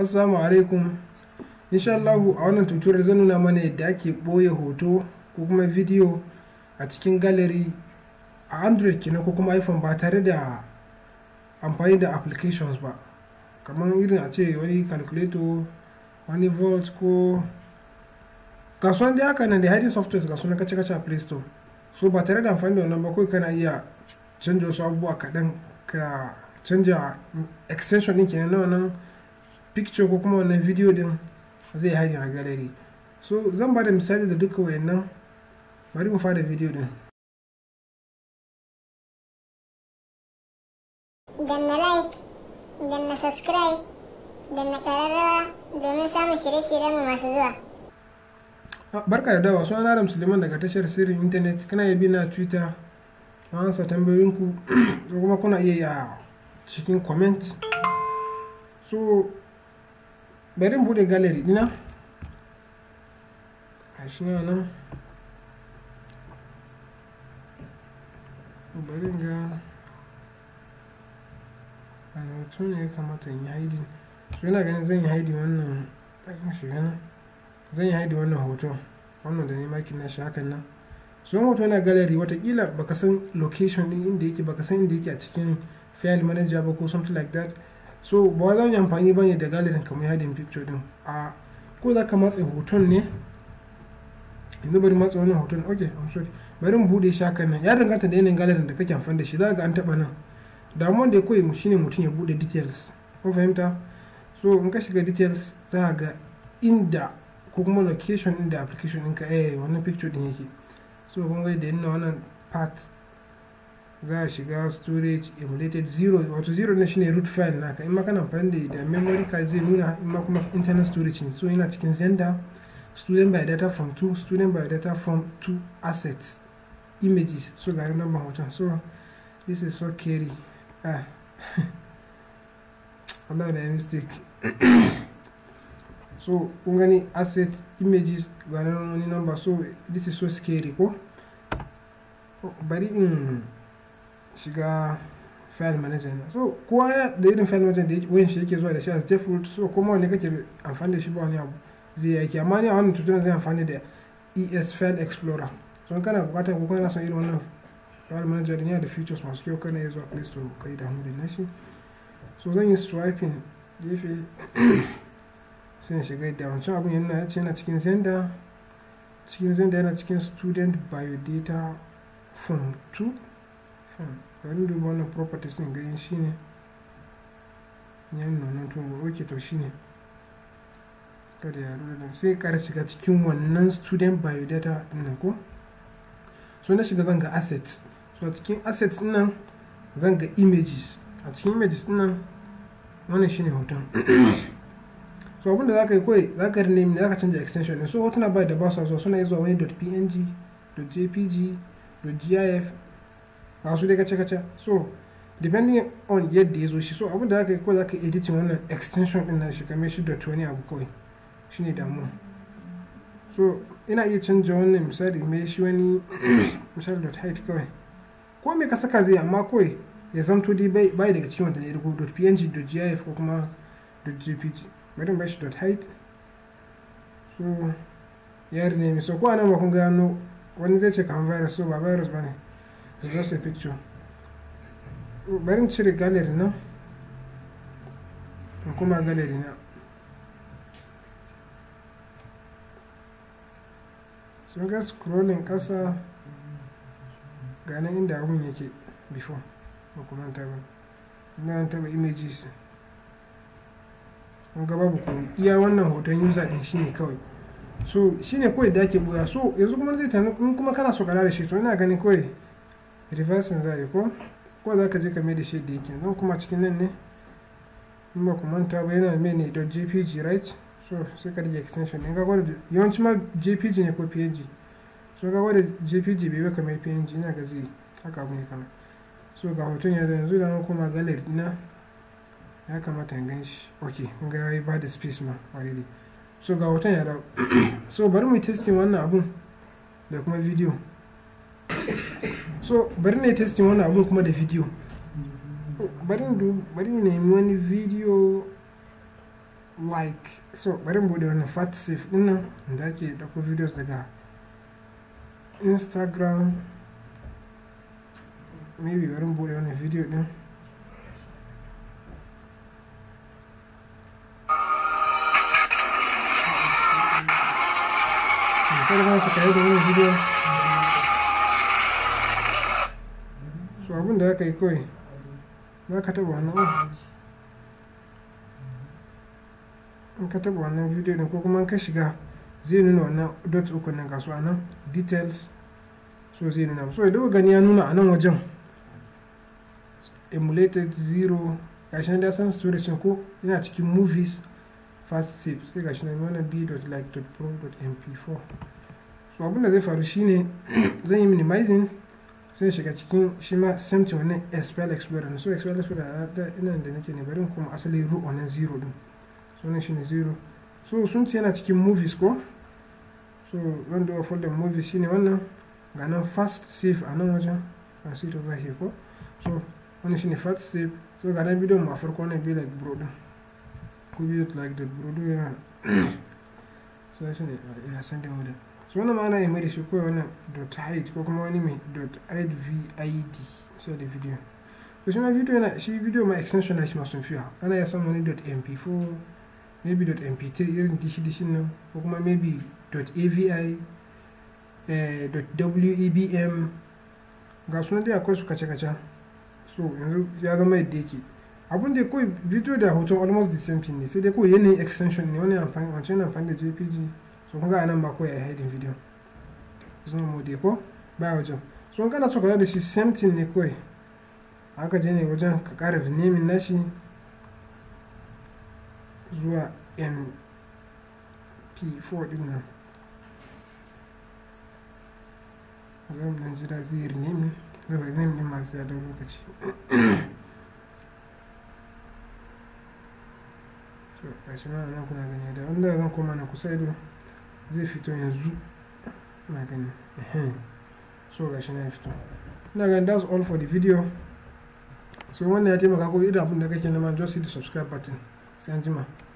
assalamu alaikum insha Allahu a wannan tutorial zan nuna mana yadda ake ɓoye hoto ko kuma video a cikin gallery a android kenan ko kuma iphone ba tare da amfani da applications ba kamar irin a ce wani calculator wani volt ko ga sunan dai haka nan da hiding softwares ga sunan kace kace a play store so ba tare da amfani da wannan ba kawai kana iya canja wasu abubuwa kaɗan ka canja extension ɗin kenan na wannan picture ko kuma wannan video din zai hari a gallery so zan ba da misali da duka wayannan bari mu fara video din danna like danna subscribe danna kararrawa domin samun shirye mu masu zuwa barka da dawa suna adam suleiman daga tashar sirrin intanet kana yabi na twitter na ansa tambayoyinku ko kuma kuna iya yi a cikin comment so bari in bude gallery dina a shi na nan bari ga alautu ne ya kamata in yi haidi su yana ganin zan yi haidi wannan ɗakin shi gana zan yi haidi wannan hoto wannan da nema kina na shi hakan nan sun hoto yana gallery watakila baka san location din inda yake baka san inda yake a cikin file manager ba ko something like that so ba za mu yi amfani ba ne da galerin kamar yadin picture din a ko za ka matse hoton ne yanzu bari matse wannan hoton ok i'm sorry bari mu bude shi nan ya danganta da yanayin galerin da kake amfani da shi za ga an taba nan damuwan da ya koyi mu shine mutum ya bude details kun fahimta so in ka shiga details za ga inda ko kuma location inda application ka eh wannan picture din yake so kun ga da yana wannan part za a shiga storage emulated 0 wato 0 na shine root file naka in ma kana amfani da da memory card zai nuna in ma kuma internal storage ne so yana cikin zenda student by data form 2 student by data form 2 assets images so ga nan hoton so this is so carry ah Allah da mistake so kun gani asset images ga nan wani number so this is so scary ko oh, bari in shiga file manager na so kowa yana da irin file manager da wayan shi yake zuwa da shi as default so kuma wani kake amfani da shi ba wani abu zai yake amma ni a wannan tutorial zai amfani da es file explorer so in kana bukatar ko kana son irin wannan file manager din yana da features masu kyau kana zuwa play store kai da hamdin nashi so zan yi swiping gefe sai in shiga da wancan abin yana ya ce yana cikin zenda cikin zenda yana cikin student biodata form 2 bari duba wannan properties din ganin shine yan nonon tumbo ok to shine kada ya rura sai kara shiga cikin wannan student biodata nan ko so na shiga zan ga assets so a cikin assets din nan zan ga images a cikin images din nan wannan shine hoton so abinda za ka yi kawai za ka rinne ne za ka canza extension ne so hotuna ba da ba su zuwa suna yi zuwa wani .png .jpg .gif a su dai kace kace so depending on yadda ya zo shi so abin da aka yi ko za ka editing wannan extension din nan shi kame shi da tony abu kawai shi ne damuwa so ina iya canja wannan misali mai shi wani misali dot height kawai ko me ka saka zai amma kawai ya zamto dai bai daga cikin wanda ya rigo dot png dot gif ko kuma dot jpg bari shi dot height so ya rename so ko anan ba kun gano wani zai ce kamar virus so ba virus ba ne it's just a picture bari cire gallery nan in kuma gallery na sun ga scrolling ƙasa ganin inda abun yake before ba kuma ta ba na taba images kun ga babu iya wannan hoton user ɗin shine kawai so shine kawai da ake buya so yanzu kuma zai tana kuma kana so ka da shi to ina ganin kawai reversing za a yi ko ko za ka je ka mai da shi da yake nan kuma cikin nan ne in ba ku manta ba yana mai ne .jpg right so sai ka rage extension in gagwa da yawanci ma jpg ne ko png so gagwa da jpg bai baka mai png ina ga zai haka abu ne kama, so ga hoton ya yanzu zuwa nan kuma gallery dina ya kamata in gan shi ok kun ga yayi ba da space ma already so ga hoton ya dawo so bari mu testing wannan abun da kuma video so bari ne testin wani abun kuma da video bari ne nemi wani video like so bari bude wani fat safe dinnan da ake dauko videos daga instagram maybe bari bude wani video din Kalau masuk kayak video abin da ya kai kawai za ka taba wannan in ka taba wannan video din ko kuma in ka shiga zai nuna wannan dot uku nan gasu nan details so zai nuna so idan gani ya nuna a nan wajen emulated zero gashi nan da san storage ko yana cikin movies fast save sai gashi nan wannan b.like.pro.mp4 so abin da zai faru shine zan yi minimizing sai shiga cikin shi ma samti wani expel Explorer so expel Explorer da ina da nake ne barin kuma asali ru onan zero din so nan ne zero so sun ce yana cikin movies ko so zan duba folder movies shine wannan ga nan fast save a nan wajen a sit over here ko so wannan shine fast save so ga nan bidiyon ma farko ne be like bro din ko be like that bro din yana so shine ina sending order so ma ana yi mai da shi kowai wani dot height ko kuma wani mai dot vid sai da video to shi ma video na shi video ma extension na shi ma sun fiya ana iya son wani dot mp4 maybe dot mp3 irin dishi dishin nan ko kuma maybe dot avi eh, dot webm ga sunan dai akwai su kace kace so yanzu ya zama yadda yake abun da kawai video da hoton almost the same thing ne sai dai kawai yanayin extension ne wani amfani wancan amfani da jpg so kun ga anan ma ko ya yi video video zuwa mode ko ba wajen so kana so ka da shi same thing ne kawai haka je ne wajen ka ƙara renaming nashi zuwa mp4 din nan zan nan jira zai renaming zai renaming din masu yadda lokaci so na nan kuna gani da wanda zan koma na kusa ido zai fito yanzu na gani so gashi na fito na gani that's all for the video so wannan ya taimaka ko idan abin da kake nema just hit the subscribe button sai an jima